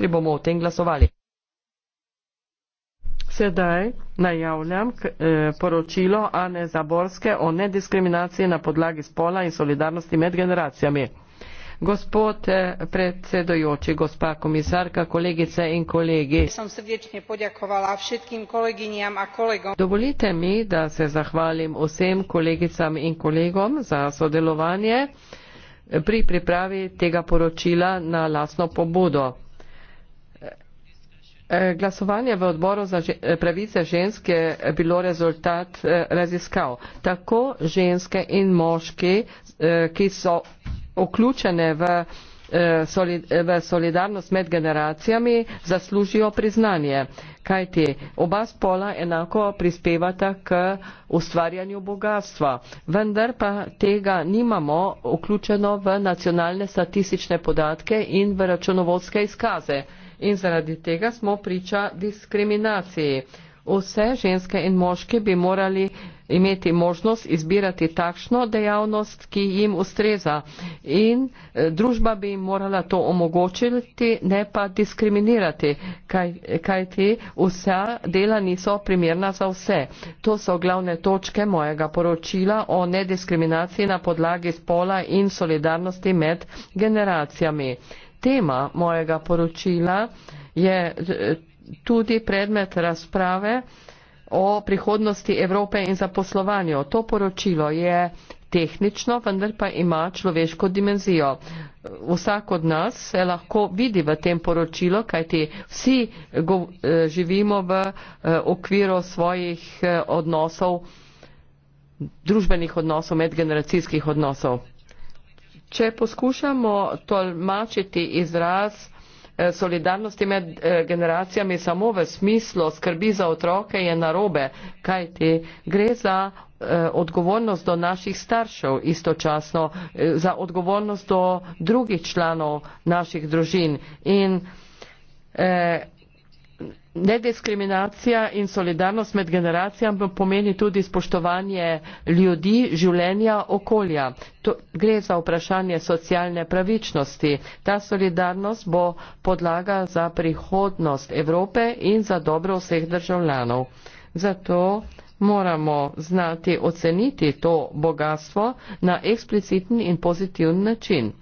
ministri bomo o tem glasovali. Sedaj najavljam eh, poročilo Ane Zaborske o nediskriminaciji na podlagi spola in solidarnosti med generacijami. Gospod eh, predsedujoči, gospa komisarka, kolegice in kolegi. Dovolite mi, da se zahvalim vsem kolegicam in kolegom za sodelovanje pri pripravi tega poročila na lasno pobudo. Eh, glasovanje v odboru za eh, pravice žensk je bilo rezultat eh, raziskav. Tako ženske in moški, ki so vključene v v solidarnost med generacijami zaslužijo priznanje, kajti oba spola enako prispevata k ustvarjanju bogatstva, vendar pa tega nimamo vključeno v nacionalne statistične podatke in v računovodske izkaze in zaradi tega smo priča diskriminaciji. Vse ženske in moške bi morali imeti možnost izbirati takšno dejavnost, ki jim ustreza in eh, družba bi jim morala to omogočiti, ne pa diskriminirati, kaj, kaj ti vsa dela niso primerna za vse. To so glavne točke mojega poročila o nediskriminaciji na podlagi spola in solidarnosti med generacijami. Tema mojega poročila je eh, tudi predmet razprave, o prihodnosti Evrope in zaposlovanju. To poročilo je tehnično, vendar pa ima človeško dimenzijo. Vsak od nas se lahko vidi v tem poročilu, kajti vsi go, eh, živimo v eh, okviru svojih eh, odnosov, družbenih odnosov, medgeneracijskih odnosov. Če poskušamo tolmačiti izraz, Eh, solidarnosti med eh, generacijami samo v smislu skrbi za otroke je narobe, kajti gre za eh, odgovornost do naših staršev istočasno, za odgovornost do drugih članov naših družin. In nediskriminacija in solidarnost med generacijami pomeni tudi spoštovanje ljudi življenja okolja to gre za vprašanje socialne pravičnosti ta solidarnost bo podlaga za prihodnost evrope in za dobro vseh državljanov zato moramo znati oceniti to bogatstvo na eksplicitni in pozitivni način.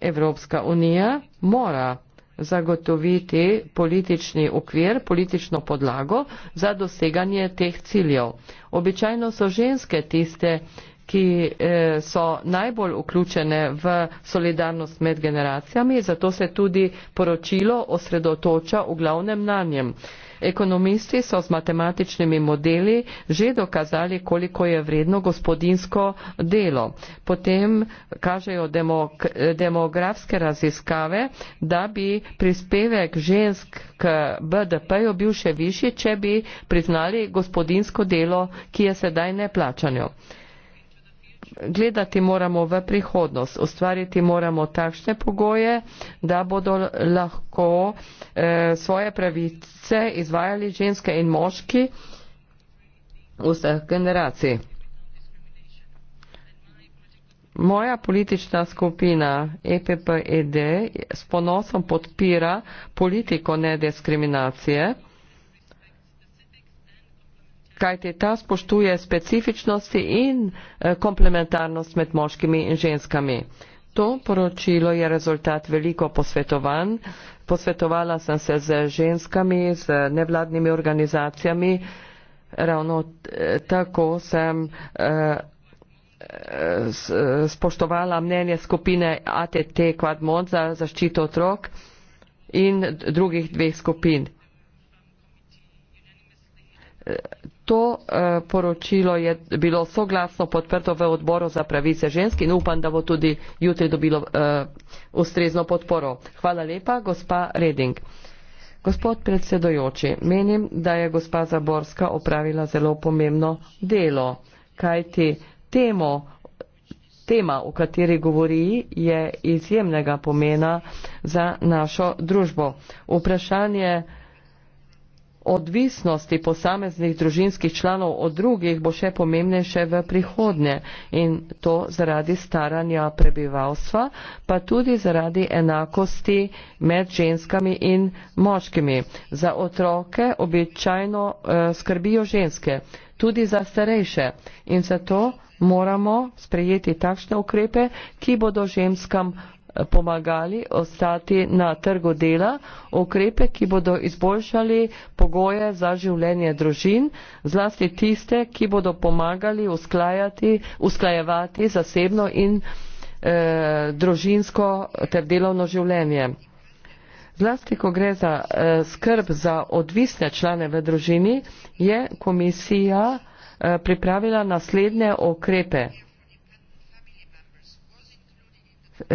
Evropska unija mora zagotoviti politični ukvir, politično podlago za doseganje teh ciljev. Običajno so ženske tiste, ki eh, so najbolj vključene v solidarnost med generacijami, zato se tudi poročilo osredotoča v glavnem na njem. Ekonomisti so z matematičnimi modeli že dokazali, koliko je vredno gospodinsko delo. Potem kažejo demok demografske raziskave, da bi prispevek žensk k BDP-ju bil še višji, če bi priznali gospodinsko delo, ki je sedaj neplačano gledati moramo v prihodnost, ustvariti moramo takšne pogoje, da bodo lahko e, svoje pravice izvajali ženske in moški vseh generacij. Moja politična skupina EPPED s ponosom podpira politiko nediskriminacije kajti ta spoštuje specifičnosti in eh, komplementarnost med moškimi in ženskami. To poročilo je rezultat veliko posvetovanj. Posvetovala sem se z ženskami, z nevladnimi organizacijami. Ravno eh, tako sem eh, spoštovala mnenje skupine ATT Quadmod za zaščito otrok in drugih dveh skupin to eh, poročilo je bilo soglasno podprto v odboru za pravice žensk in upam, da bo tudi jutri dobilo eh, ustrezno podporo. Hvala lepa, gospa Reding. Gospod predsedojoči, menim, da je gospa Zaborska opravila zelo pomembno delo, kajti temo, tema, o kateri govori, je izjemnega pomena za našo družbo. Vprašanje, odvisnosti posameznih družinskih članov od drugih bo še pomembnejše v prihodnje in to zaradi staranja prebivalstva, pa tudi zaradi enakosti med ženskami in moškimi. Za otroke običajno uh, skrbijo ženske, tudi za starejše in zato moramo sprejeti takšne ukrepe, ki bodo ženskam pomagali ostati na trgu dela, ukrepe, ki bodo izboljšali pogoje za življenje družin, zlasti tiste, ki bodo pomagali usklajevati zasebno in eh, družinsko ter delovno življenje. Zlasti, ko gre za eh, skrb za odvisne člane v družini, je komisija eh, pripravila naslednje okrepe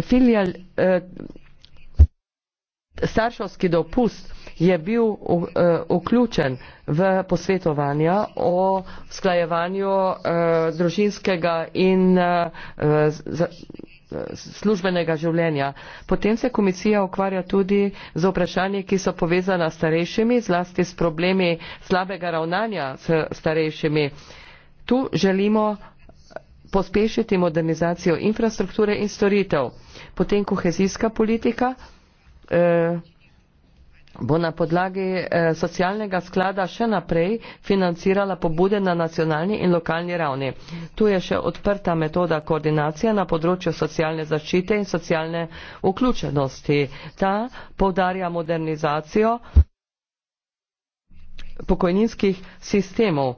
filial, eh, staršovski dopust je bil eh, vključen v posvetovanja o sklajevanju eh, družinskega in službenega življenja. Potem se komisija ukvarja tudi z vprašanji, ki so povezana s starejšimi, zlasti s problemi slabega ravnanja s starejšimi. Tu želimo pospešiti modernizacijo infrastrukture in storitev. Potem kohezijska politika eh, bo na podlagi eh, socialnega sklada še naprej financirala pobude na nacionalni in lokalni ravni. Tu je še odprta metoda koordinacije na področju socialne zaščite in socialne vključenosti. Ta povdarja modernizacijo pokojninskih sistemov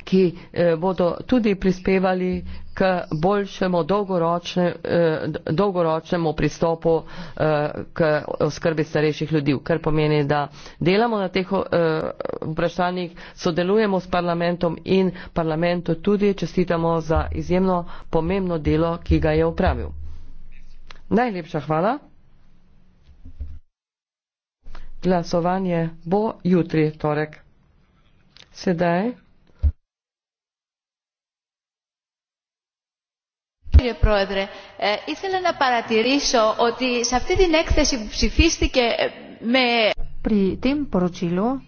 ki eh, bodo tudi prispevali k boljšemu dolgoročne, eh, dolgoročnemu pristopu eh, k oskrbi starejših ljudi, kar pomeni, da delamo na teh vprašanjih, sodelujemo s parlamentom in parlamentu tudi čestitamo za izjemno pomembno delo, ki ga je upravil. Najlepša hvala. Glasovanje bo jutri, torek. Sedaj. κύριε πρόεδρε ήθελα να παρατηρήσω ότι σε αυτή την έκθεση που ψηφίστηκε με... Πριν προτζήλω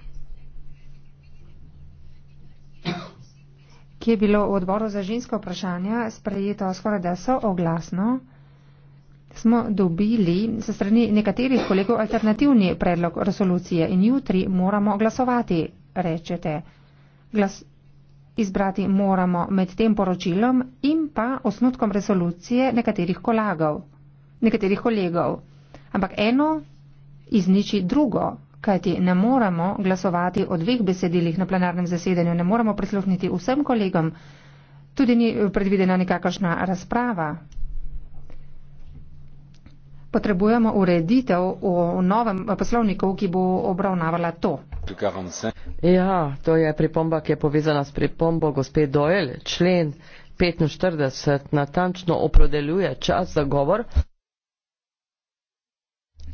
ki je bilo v odboru za žensko vprašanje sprejeto skoraj da so oglasno, smo dobili se strani nekaterih kolegov alternativni predlog resolucije in jutri moramo glasovati, rečete. Glas, Izbrati moramo med tem poročilom in pa osnutkom resolucije nekaterih kolegov. Nekaterih kolegov. Ampak eno izniči drugo, kajti ne moramo glasovati o dveh besedilih na plenarnem zasedanju, ne moremo prisluhniti vsem kolegom. Tudi ni predvidena nekakšna razprava potrebujemo ureditev v novem poslovniku, ki bo obravnavala to. Ja, to je pripomba, ki je povezana s pripombo gospe Doyle. Člen 45 natančno opredeljuje čas za govor.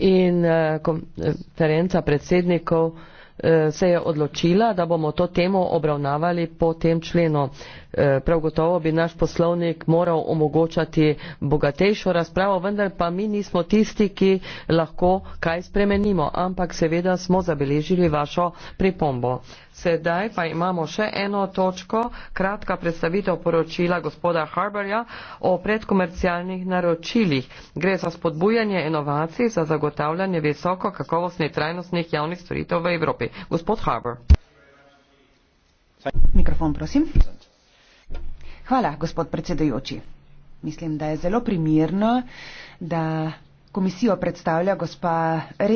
In eh, konferenca predsednikov Eh, se je odločila, da bomo to temo obravnavali po tem členu. Eh, prav gotovo bi naš poslovnik moral omogočati bogatejšo razpravo, vendar pa mi nismo tisti, ki lahko kaj spremenimo, ampak seveda smo zabeležili vašo pripombo. Sedaj pa imamo še eno točko, kratka predstavitev poročila gospoda Harberja o predkomercialnih naročilih. Gre za spodbujanje inovacij za zagotavljanje visoko kakovostnih trajnostnih javnih storitev v Evropi. Gospod Harbour. Mikrofon, prosim. Hvala, gospod predsedujoči. Mislim, da je zelo primirno, da komisijo predstavlja gospa Re.